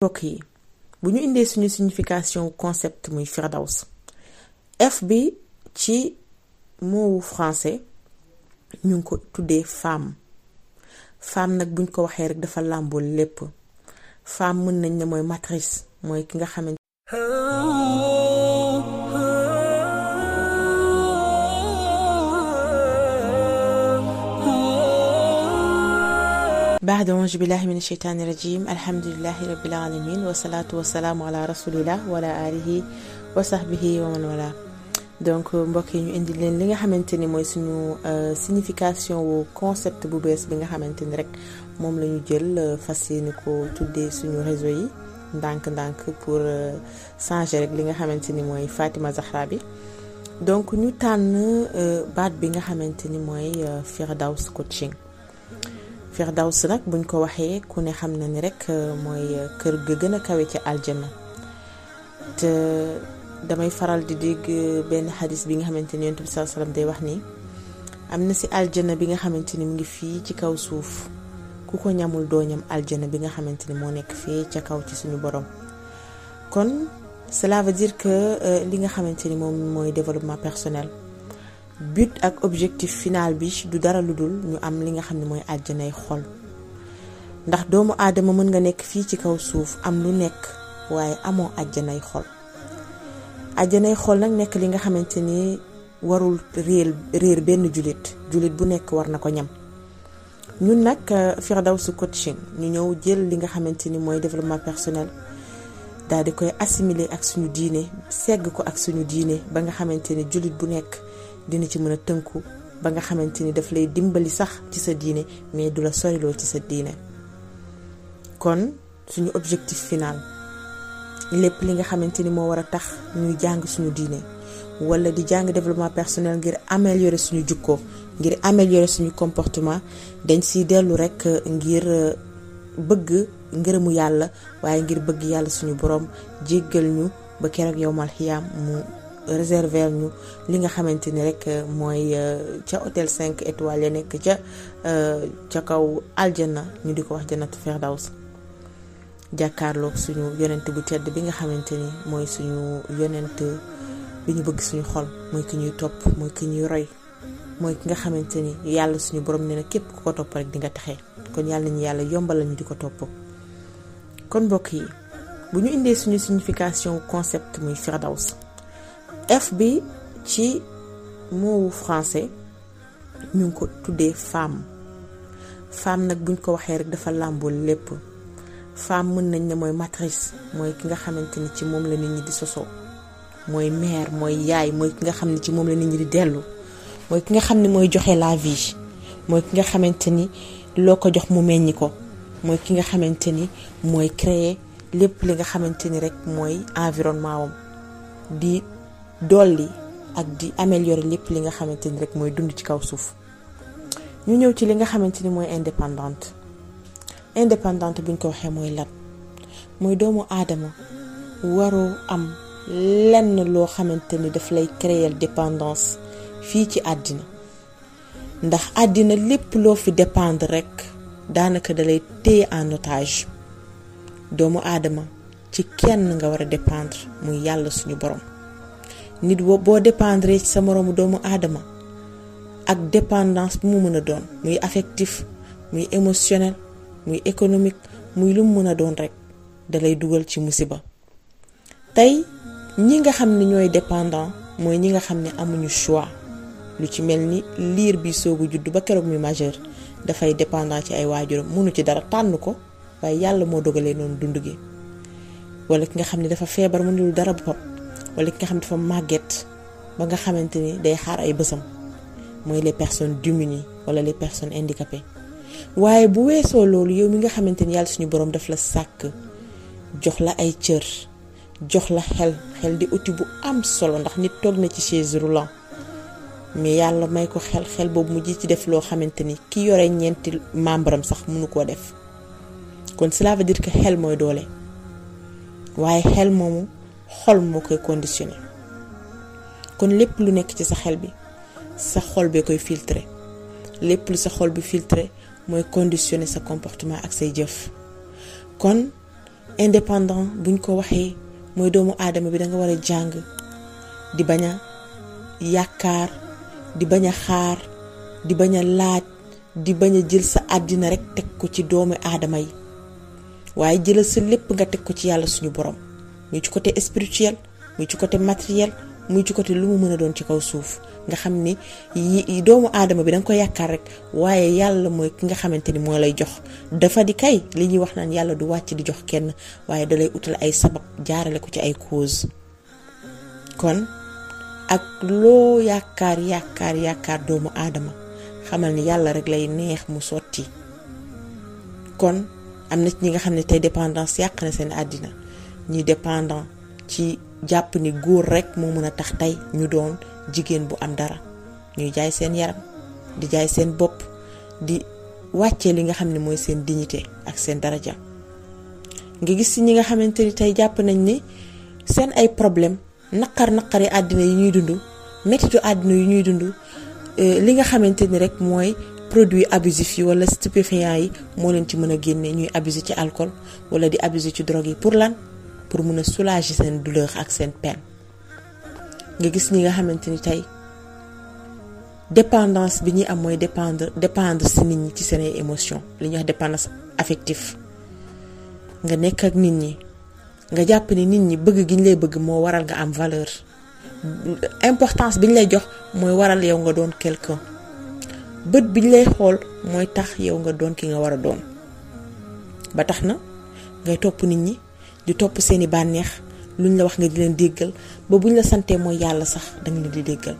mbokk yi bu ñu indee suñu signification concept muy firdaws f bi ci moowu français ñu ngi ko tuddee femme femme nag buñ ko waxee rek dafa làmbool lépp femme mën nañ ne mooy matrice mooy ki nga xamante baax da auzu billahi min asheytaani rajim alhamdulilahi rabil alamin wasalaatu wasalaamu ala rasulillah wala alihi wa sahbihi wa man wala donc euh, mbokk yi ñu indi leen li nga xamante ni mooy suñu euh, signification wu concept bu bees bi nga xamante ni rek moom la ñu jël euh, fas yéene ko tuddee suñu réseau yi ndànk-ndànk pour changer rek li nga xamante ni mooy Fatima Zahra bi donc ñu tànn baat bi nga xamante ni mooy Firdaws coaching si nag buñ ko waxee ku ne xam na ni rek euh, mooy euh, kër ga gën a kawe ci aljana te damay faral di dégg euh, benn xadis bi nga xamante ni yonent bi sallallahu day wax ni am na si aljana bi nga xamante ni mu ngi fii ci kaw suuf ku ko ñamul dooñam ñam bi nga xamante ni moo nekk fee ca kaw ci suñu borom kon cela veut dire que li nga xamante ni moom mooy développement personnel but ak objectif final bi du dara lu dul ñu am li nga xam ne mooy àjjanay xol ndax doomu aadama mën nga nekk fii ci kaw suuf am lu nekk waaye amoo àjjanay xol àjjanay xol nag nekk li nga xamante ni warul réer réer benn jullit jullit bu nekk war na ko ñam ñun nag euh, Firdawsi coaching ñu ñëw jël li nga xamante ni mooy développement personnel daal di koy assimiler ak suñu diine segg ko ak suñu diine ba nga xamante ni jullit bu nekk dina ci mën a tënku ba nga xamante ni daf lay dimbali sax ci sa diine mais du la soriloo ci sa diine kon suñu objectif final lépp li nga xamante ni moo war a tax ñuy jàng suñu diine wala di jàng développement personnel ngir améliorer suñu jukko ngir améliorer suñu comportement dañ siy dellu rekk ngir euh, bëgg ngërëmu yàlla waaye ngir bëgg yàlla suñu boroom jéggal ñu ba keroog yow mal mu réserver ñu li nga xamante ni rek euh, mooy euh, ca hôtel 5 étoiles ya nekk ca euh, ca kaw aljana ñu di ko wax jannatu firdaws jàkkaarloog suñu yonent bi tedd bi nga xamante ni mooy suñu yonent bi ñu bëgg suñu xol mooy ki ñuy topp mooy ki ñuy roy mooy ki nga xamante ni yàlla suñu borom nee na képp ku ko topp rek di nga taxee kon yàlla nañu yàlla yombal lañu di ko topp kon mbokk yi bu ñu indee suñu signification concept muy firdaws f bi ci moowu français ñu ngi ko tuddee femme femme nag buñ ko waxee rek dafa làmbul lépp femme mën nañ ne mooy matrice mooy ki nga xamante ni ci moom la nit ñi di sosoo mooy mère mooy yaay mooy ki nga xam ne ci moom la nit ñi di dellu mooy ki nga xam ne mooy joxe la vie mooy ki nga xamante ni loo ko jox mu meññi ko mooy ki nga xamante ni mooy créer lépp li nga xamante ni rek mooy environnement wam di dolli ak di améliorer lépp li nga xamante ni rek mooy dund ci kaw suuf ñu ñëw ci li nga xamante ni mooy indépendante indépendante buñ ko waxee mooy lan mooy doomu aadama waroo am lenn loo xamante ni daf lay créer dépendance fii ci àddina ndax àddina lépp loo fi dépendre rek daanaka da lay téye en otage doomu aadama ci kenn nga war a dépendre mu yàlla suñu borom. nit boo dépendre ci sa moroomu doomu aadama ak dépendance bi mu mën a doon muy affectif muy émotionnel muy économique muy lu mu mën a doon rek dalay dugal ci musiba tey ñi nga xam ne ñooy dépendant mooy ñi nga xam ne amuñu choix lu ci mel ni liir bi soogu juddu ba keroog muy majeur dafay dépendant ci ay waajuram mënu ci dara tànn ko waaye yàlla moo dogalee noonu dund gi wala ki nga xam ne dafa feebar mënul dara boppam wala ki nga xam dafa màgget ba nga xamante ni day xaar ay bësam mooy les personnes démunies wala les personnes handicapées waaye bu weesoo loolu yow mi nga xamante ni yàlla suñu borom daf la sàkk jox la ay cër jox la xel xel di outil bu am solo ndax nit toog na ci chaise roulant mais yàlla may ko xel xel boobu mujj ci def loo xamante ni ki yore ñeenti membre am sax mënu koo def kon cela veut dire que xel mooy doole waaye xel moomu xol moo koy conditionné kon lépp lu nekk ci sa xel bi sa xol bee koy filtre lépp lu sa xol bi filtré mooy conditionné sa comportement ak say jëf kon indépendant buñ ko waxee mooy doomu aadama bi danga nga war a jàng di bañ a yaakaar di bañ a xaar di bañ laaj di bañ a jël sa àddina rekk teg ko ci doomu aadama yi waaye jëlal sa lépp nga teg ko ci yàlla suñu borom muy ci côté spirituel muy ci côté matériel muy ci côté lu mu mën a doon ci kaw suuf nga xam ni yi doomu aadama bi da nga ko yaakaar rek waaye yàlla mooy ki nga xamante ni moo lay jox dafa di kay li ñuy wax naan yàlla du wàcc di jox kenn waaye dalay utal ay sabab jaarale ko ci ay cause kon ak loo yaakaar yaakaar yaakaar doomu aadama xamal ni yàlla rek lay neex mu sotti kon am na ñi nga xam ne tey dépendance yàq na seen àddina ñi dépendant ci jàpp ni góor rekk moo mën a tax tey ñu doon jigéen bu am dara ñuy jaay seen yaram di jaay seen bopp di wàccee li nga xam ne mooy seen dignité ak seen daraja nga gis ci ñi nga xamante ni tey jàpp nañ ni seen ay problème naqar naqari àddina yi ñuy dund mettitu àddina yu ñuy dund euh, li nga xamante ni rek mooy produit abusifs yi wala stupéfiants yi moo leen ci mën a génne ñuy abuser ci alcool wala di abuser ci drogue yi pour lan pour mun a soulager seen douleur ak seen peine nga gis ñi nga xamante ni tey dépendance bi ñuy am mooy dépendre dépendre si nit ñi ci seen ay émotions li ñu wax dépendance affective nga nekk ak nit ñi nga jàpp ni nit ñi bëgg gi ñu lay bëgg moo waral nga am valeur importance bi ñu lay jox mooy waral yow nga doon quelqu'un bët bi ñu lay xool mooy tax yow nga doon ki nga war a doon ba tax na ngay topp nit ñi di topp seeni bànneex lu ñu la wax nga di leen déggal ba buñ la santee mooy yàlla sax danga leen di déggal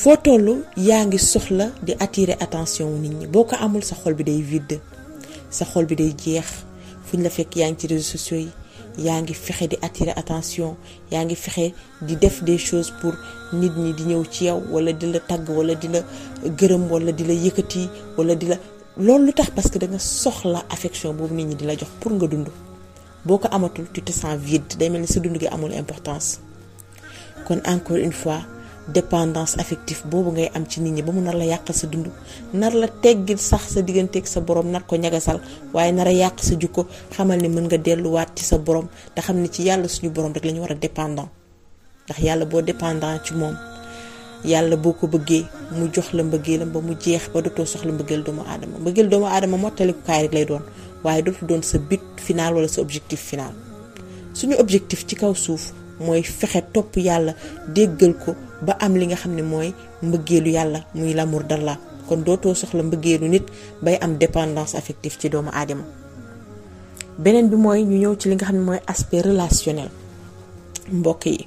foo toll yaa ngi soxla di attirer attention wu nit ñi boo ko amul sa xol bi day vide sa xol bi day jeex fuñ la fekk yaa ngi ci réseaux yi yaa ngi fexe di attirer attention yaa ngi fexe di def des chose pour nit ñi di ñëw ci yow wala di la tagg wala di la gërëm wala di la yëkkati wala di la loolu lu tax parce que da nga soxla affection boobu nit ñi di la jox pour nga dund boo ko amatul tu te sens day mel ni sa dund gi amul importance kon encore une fois dépendance affective boobu ngay am ci nit ñi ba mu nar la yàqal sa dund nar la teggil sax sa digganteek sa borom nar ko ñagasal waaye nar a yàq sa jukko xamal ni mën nga delluwaat ci sa borom te xam ni ci yàlla suñu borom rek la war a dépendant ndax yàlla boo dépendant ci moom yàlla boo ko bëggee mu jox la mbëggeelam ba mu jeex ba dootoo soxla mbëggeel doomu aadama mbëggeel doomu aadama mottaliku kaay lay doon. waaye dootul doon sa bit final wala sa objectif finaal suñu objectif ci kaw suuf mooy fexe topp yàlla déggal ko ba am li nga xam ne mooy mbëggeelu yàlla muy l'amour la kon dootoo soxla mbëggeelu nit bay am dépendance affective ci doomu aadama beneen bi mooy ñu ñëw ci li nga xam ne mooy aspect relationnel mbokk yi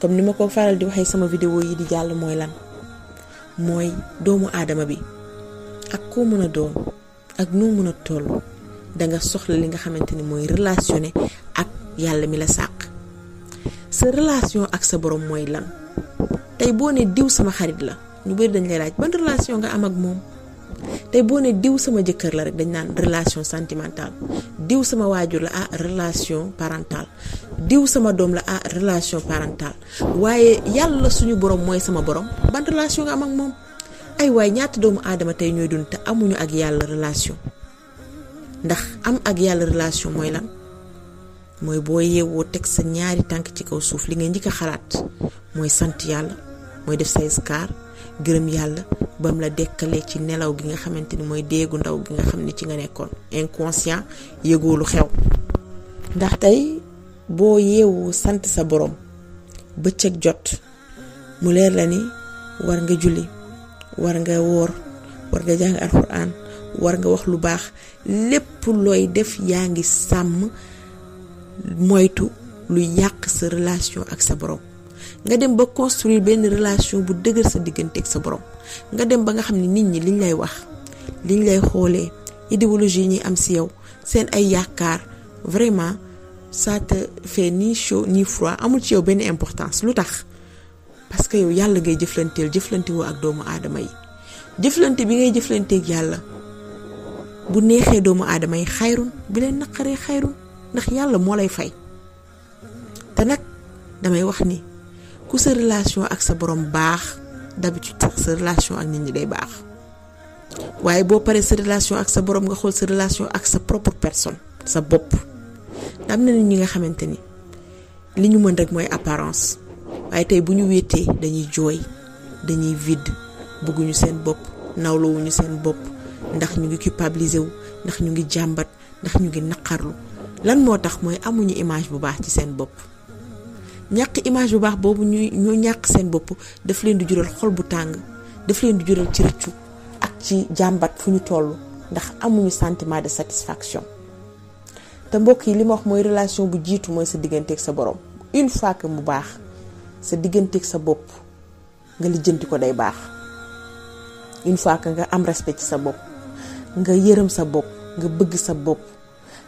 comme ni ma ko faral di waxee sama vidéo yi di jàll mooy lan mooy doomu aadama bi ak koo mën a doom ak noo mën a toll da nga soxla li nga xamante ni mooy relation ne ak yàlla mi la sàq sa relation ak sa borom mooy lan tey boo ne diw sama xarit la ñu bëri dañ lay laaj ban relation nga am ak moom tey boo ne diw sama jëkkër la rek dañ naan relation sentimentale diw sama waajur la ah relation parentale diw sama doom la ah relation parentale waaye yàlla suñu borom mooy sama borom ban relation nga am ak moom ay waay ñaata doomu aadama tey ñooy dund te amuñu ak yàlla relation ndax am ak yàlla relation mooy lan mooy boo yeewoo teg sa ñaari tànk ci kaw suuf li nga njëkk a xalaat mooy sant yàlla mooy def say iskaar gërëm yàlla bam la dekkalee ci nelaw gi nga xamante ni mooy déegu ndaw gi nga xam ni ci nga nekkoon inconscient yëgoo xew ndax tey boo yeewoo sant sa borom bëccëg jot mu leer la ni war nga julli war nga woor war nga jàng alxuraan war nga wax lu baax lépp looy def yaa ngi sàmm moytu lu yàq sa relation ak sa borom nga dem ba construire benn relation bu dëgër sa diggante ak sa borom nga dem ba nga xam ne nit ñi liñ lay wax liñ lay xoolee idéologie yi ñuy am si yow seen ay yaakaar vraiment ça te fait ni chaud ni froid amul ci yow benn importance lu tax parce que yow yàlla ngay jëflanteel jëflante woo ak doomu aadama yi jëflante bi ngay jëflanteeg yàlla bu neexee doomu aadama yi xayrun bi leen naqaree xayrun ndax yàlla moo lay fay te nag damay wax ni ku sa relation ak sa borom baax d'habitude sax sa relation ak nit ñi day baax waaye boo paree sa relation ak sa borom nga xool sa relation ak sa propre personne sa bopp am na nit ñi nga xamante ni li ñu mën rek mooy apparence waaye tey bu ñu wéetee dañuy jooy dañuy vide bëgguñu seen bopp nawlawuñu seen bopp ndax ñu ngi culpabilisé wu ndax ñu ngi jàmbat ndax ñu ngi naqarlu lan moo tax mooy amuñu image bu baax ci seen bopp ñàkk image bu baax boobu ñuy ñu ñàkk seen bopp daf leen di jural xol bu tàng daf leen di jural ci rëccu ak ci jàmbat fu ñu toll ndax amuñu sentiment de satisfaction te mbokk yi li ma wax mooy relation bu jiitu mooy sa digganteeg sa borom une mu baax sa digganteeg sa bopp nga lijjanti ko day baax une fois nga am respect ci sa bopp nga yërëm sa bopp nga bëgg sa bopp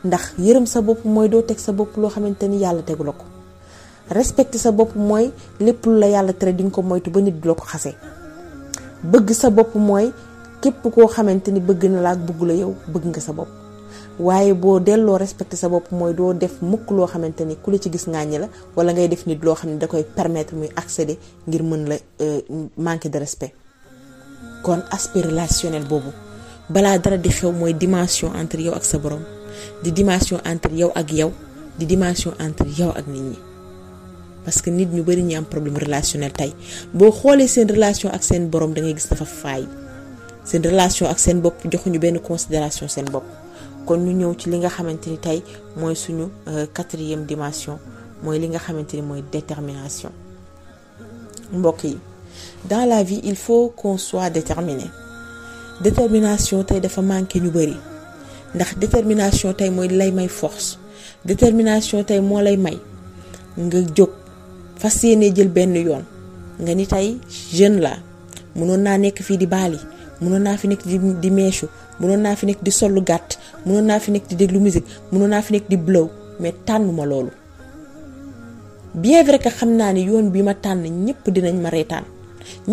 ndax yërëm sa bopp mooy doo teg sa bopp loo xamante ni yàlla tegu la ko respecter sa bopp mooy lépp lu la yàlla tere di ko moytu ba nit du la xase bëgg sa bopp mooy képp koo xamante ni bëgg na la ak bëgg la yow bëgg nga sa bopp waaye boo delloo respecter sa bopp mooy doo def mukk loo xamante ni ku la ci gis ngaañi la wala ngay def nit loo xam ne da koy permettre muy accéder ngir mën la euh, manquer de respect kon aspect relationnel boobu balaa dara di xew mooy dimension entre yow ak sa borom di dimension entre yow ak yow di dimension entre yow ak nit ñi parce que nit ñu bari ñu am problème relationnel tey boo xoolee seen relation ak seen borom da gis dafa faay seen relation ak seen bopp joxuñu benn considération seen bopp kon ñu ñëw ci li nga xamante ni tey mooy suñu euh, quatrième dimension mooy li nga xamante ni mooy détermination mbokk yi dans la vie il faut qu'on soit déterminé détermination tey dafa manqué ñu bëri ndax détermination tey mooy lay may force détermination tey moo lay may nga jóg fas yéene jël benn yoon nga ni tey jeune la mënoon naa nekk fii di baali mënoon naa fi nekk di di meechu mënoon naa fi nekk di sollu gàtt mënoon naa fi nekk di déglu musique mënoon naa fi nekk di blow mais tànn ma loolu bien vrai que xam naa ni yoon bi ma tànn ñëpp dinañ ma reetaan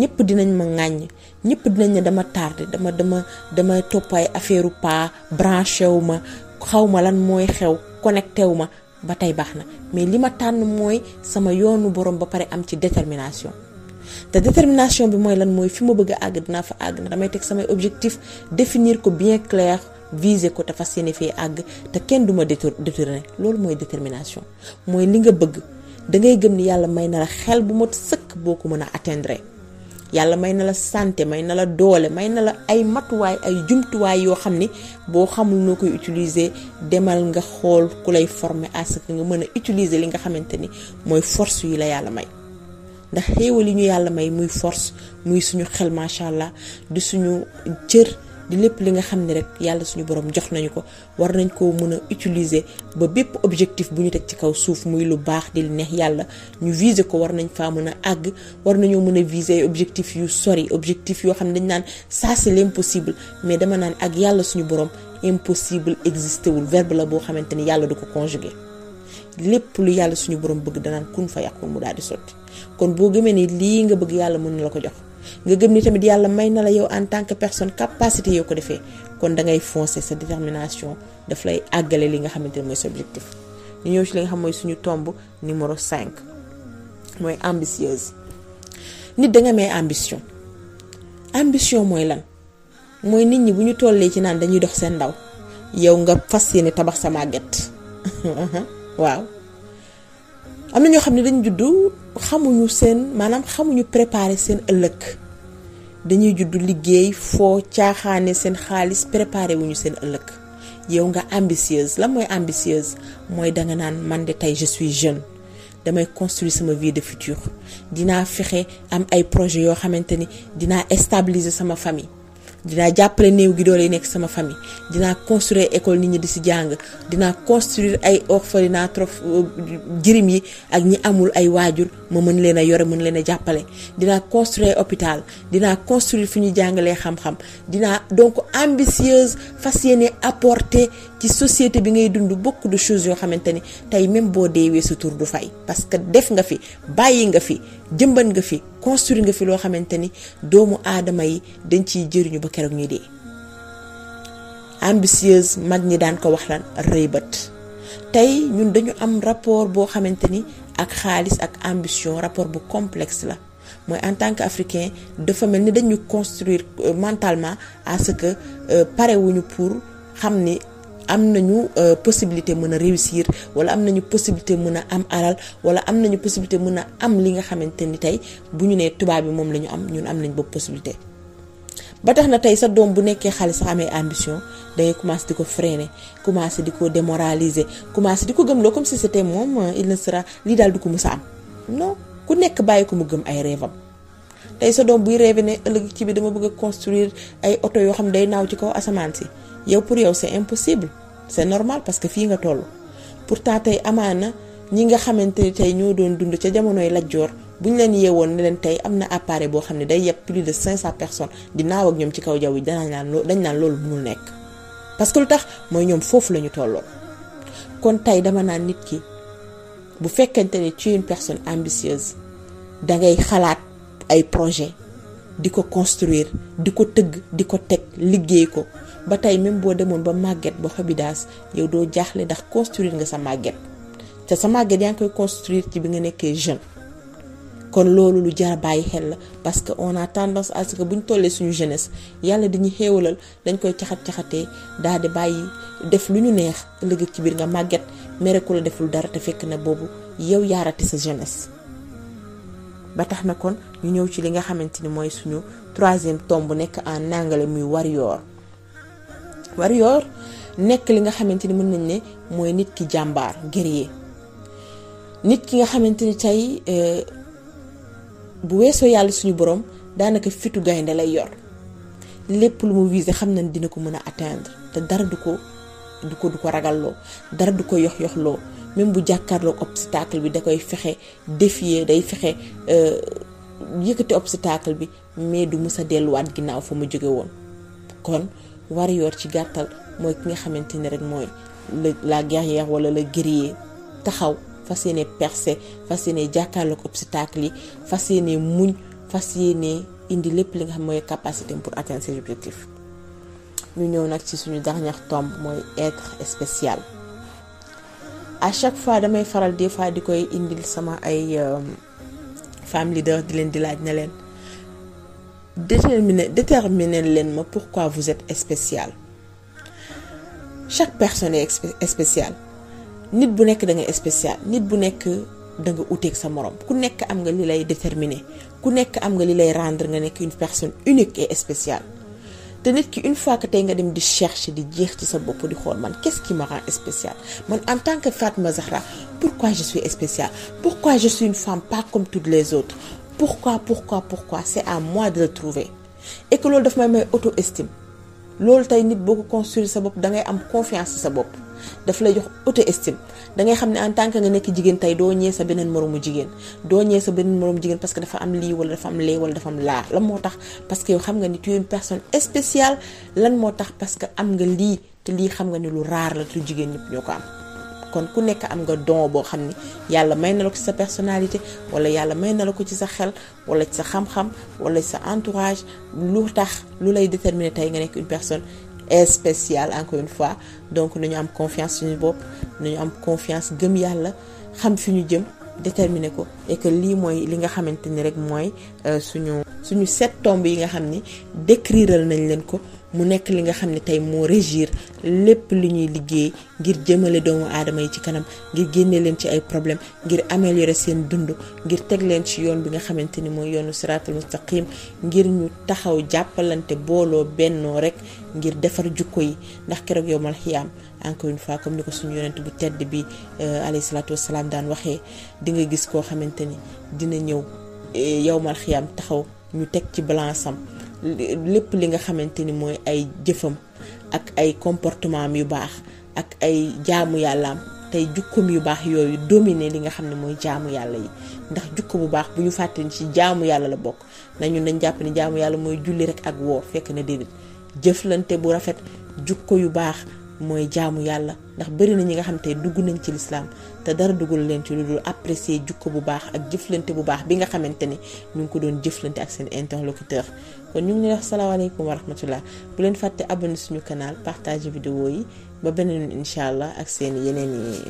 ñëpp dinañ ma ŋàññ ñëpp dinañ ne dama tardé dama dama dama topp ay affaire pa branché wu ma xawma lan mooy xew connecté wu ma ba tey baax na mais li ma tànn mooy sama yoonu borom ba pare am ci détermination. te détermination bi mooy lan mooy fi ma bëgg àgg dinaa fa àgg na damay teg samay objectif définir ko bien clair viser ko dafa fas yéene àgg te kenn du ma détourné loolu mooy détermination mooy li nga bëgg da ngay gëm ni yàlla may na la xel bu mot sëkk boo ko mën a atteindre. yàlla may na la santé may na la doole may na la ay matuwaay ay jumtuwaay yoo xam ni boo xamul noo koy utiliser demal nga xool ku lay former à ce que nga mën a utiliser li nga xamante ni mooy force yi la yàlla may ndax xéewal yi ñu yàlla may muy force muy suñu xel macha allah di suñu cër. di lépp li nga xam ne rek yàlla suñu borom jox nañu ko war nañ koo mën a utiliser ba bépp objectif bu ñu teg ci kaw suuf muy lu baax di neex yàlla ñu viser ko war nañ faa mën a àgg war nañoo mën a viser objectif yu sori objectif yoo xam ne dañ naan ça c'est l'impossible mais dama naan ak yàlla suñu borom impossible existé wul verbe la boo xamante ni yàlla du ko conjuguer lépp lu yàlla suñu borom bëgg danaan kun fa yàqul mu daal di sotti kon boo bëgg yàlla mën na ko jox nga gëm ni tamit yàlla may na la yow en tant que personne capacité yoo ko defee kon da ngay foncer sa détermination daf lay àggale li nga xamante ne mooy sa objectif ñu ñëw ci li nga xam mooy suñu tomb numéro 5 mooy ambitieuse nit da nga may ambition ambition mooy lan mooy nit ñi bu ñu tollee ci naan dañuy dox seen ndaw yow nga fas yéene tabax sa màgget waaw am na ñoo xam ne dañu juddu xamuñu seen maanaam xamuñu préparer seen ëllëg dañuy juddu liggéey foo caaxaane seen xaalis préparer wuñu seen ëllëg yow nga ambitieuse lan mooy ambitieuse mooy danga naan man de tey je suis jeune damay construire sama vie de futur dinaa fexe am ay projet yoo xamante ni dinaa stabiliser sama famille dinaa jàppale néew gi doole yi nekk sama famille dinaa construire école nit ñi di si jàng dinaa construire ay orphelinat trop euh, jirim yi ak ñi amul ay waajur ma mën leen a yore mën leen a jàppale dinaa construire hôpital dinaa construire fi ñuy jàngalee xam-xam dinaa donc ambitieuse fas yéene apporter ci société bi ngay dund beaucoup du choses yoo xamante ni tey même boo deewee sa tur du fay parce que def nga fi bàyyi nga fi jëmbat nga fi construire nga fi loo xamante ni doomu aadama yi dañ ciy jëriñu ba keroog ñuy dee ambitieuse mag ñi daan ko wax lan rëy bët tey ñun dañu am rapport boo xamante ni ak xaalis ak ambition rapport bu complexe la mooy en tant que qu'africain dafa mel ni dañu construire euh, mentalement à que euh, pare wuñu pour xam ni am nañu euh, possibilité mën a réussir wala am nañu possibilité mën a am alal wala am nañu possibilité mën a am li nga xamante ni tey bu ñu nee tubaab bi moom la ñu am ñun am nañ boobu possibilité. ba tax na tey sa doom bu nekkee xale sax amee ambition dangay commencé di ko freiner commencé di ko démoraliser commencé di ko gëmloo comme si c'était moom euh, il ne sera lii daal di ko mës a am non ku nekk bàyyi ko mu gëm ay rêvam tey sa doom buy rêvé ne ëllëg ci bi dama bëgg a construire ay oto yoo xam day naaw ci kaw asamaan si yow pour yow c'est impossible c'est normal parce que fii nga pour pourtant tey amaana ñi nga xamante ni tey ñoo doon dund ca jamonoy lajjoor bu ñu leen yeewoon ne leen tey am na appareil boo xam ne day yeb plus de 500 personnes di naaw ak ñoom ci kaw jaww ji dañ naan loo dañ naan nekk parce que lu tax mooy ñoom foofu la ñu tolloon kon tey dama naan nit ki bu fekkente ne tu es une personne da ngay xalaat. ay projet di ko construire di ko tëgg di ko teg liggéey ko ba tey même boo demoon ba màgget ba xabidaas yow doo jaaxle ndax construire nga sa màgget te sa màgget yaa ngi koy construire ci bi nga nekkee jeune kon loolu lu jar bàyyi xel la parce que on a tendance à ce que bu ñu tollee suñu jeunesse yàlla di dañuy xéewalal dañ koy caxat caxatee daal di bàyyi def lu ñu neex ëllëg ci biir nga màgget mere ku la deful dara te fekk na boobu yow yaarati sa jeunesse. ba tax na kon ñu ñëw ci li nga xamante ni mooy suñu troisième tomb nekk en nàngale muy warrior warior nekk li nga xamante ni mën nañ ne mooy nit ki jàmbaar guerrier nit ki nga xamante ni tey eh, bu weesoo yàlla suñu borom daanaka fitu gaynde lay yor lépp lu mu visé xam nañ dina ko mën a atteindre te dara du ko du ko du ko ragalloo dara du ko yox yoxloo même bu jàkkaarloog obstacle bi da koy fexe défier day fexe euh, yëkkati obstacle bi mais du mës a delluwaat ginnaaw fa mu jóge woon kon warrior ci gàttal mooy ki nga xamante ni rek mooy la la guerrière wala la guerrier taxaw fas yéene percer fas yéene jàkkaarloog obstacle yi fas yéene muñ fas yéene indi lépp li nga xam mooy capacité pour atteindre ses ñu ñëw nag ci suñu dernière tombe mooy être spécial à chaque fois damay faral des fois di koy indi sama ay euh, femme leader di leen di laaj na leen déterminer déterminer leen ma pourquoi vous êtes spécial chaque personne est spéciale nit bu nekk da nga nit bu nekk danga nga uteeg sa morom ku nekk am nga li lay déterminer ku nekk am nga li lay rendre nga nekk une personne unique et spéciale te nit ki une fois que tey nga dem di chercher di jeex ci sa bopp di xool man qu'est-ce qui me rend man en tant que Fatma Zahra pourquoi je suis spéciale pourquoi je suis une femme pas comme toutes les autres pourquoi pourquoi pourquoi c'est à moi de le trouver et que loolu daf may may auto-estime loolu tey nit boo ko construire sa bopp da ngay am confiance sa bopp. daf lay jox auto estime da ngay xam ne en tant que nga nekk jigéen tey doo ñee sa beneen moroomu jigéen doo ñee sa beneen moroomu jigéen parce que dafa am lii wala dafa am lee wala dafa am laa lan moo tax parce que yow xam nga ni tu une personne spéciale lan moo tax parce que am nga lii te lii xam nga ni lu raar la te jigéen ñëpp ñoo ko am kon ku nekk am nga don boo xam ni yàlla may na la ko ci sa personnalité wala yàlla may na la ko ci sa xel wala ci sa xam-xam wala ci sa entourage lu tax lu lay déterminer tey nekk une spéciale encore une fois donc ñu am confiance suñu bopp ñu am confiance gëm yàlla xam fi ñu jëm déterminer ko et que lii mooy li nga xamante ni rek mooy euh, suñu suñu sept yi nga xam ni décriral nañ leen ko mu nekk li nga xam ne tey moo régir lépp li ñuy liggéey ngir jëmale doomu aadama yi ci kanam ngir génne leen ci ay problème ngir améliorer seen dund ngir teg leen ci yoon bi nga xamante ni mooy yoonu siraatul mustaqim ngir ñu taxaw jàppalante booloo bennoo rek ngir defar jukko yi ndax keroog yow mal xiyaam encore une comme ni ko suñu yonent bu tedd bi euh, alayhi salaatu wasalaam daan waxee di nga gis koo xamante ni dina ñëw euh, yow mal xiyaam taxaw ñu teg ci balansam lépp li nga xamante ni mooy ay jëfam ak ay comportement yu baax ak ay jaamu yàllaam tey jukkoom yu baax yooyu dominer li nga xam ne mooy jaamu yàlla yi ndax jukko bu baax bu ñu fàtte ni ci jaamu yàlla la bokk nañu nañ jàpp ni jaamu yàlla mooy julli rek ak woor fekk na déedéet jëflante bu rafet jukko yu baax mooy jaamu yàlla ndax bari na ñi nga xam te dugg nañ ci lislaam te dara dugal leen ci lu dul apprécier jukko bu baax ak jëflante bu baax bi nga xamante ni ñu ngi ko doon jëflante ak seen interlocuteur kon ñu ngi leen wax salaamaaleykum wa rahmatullah bu leen fàtte abonné suñu canal partage vidéo yi ba beneen incha allah ak seen yeneen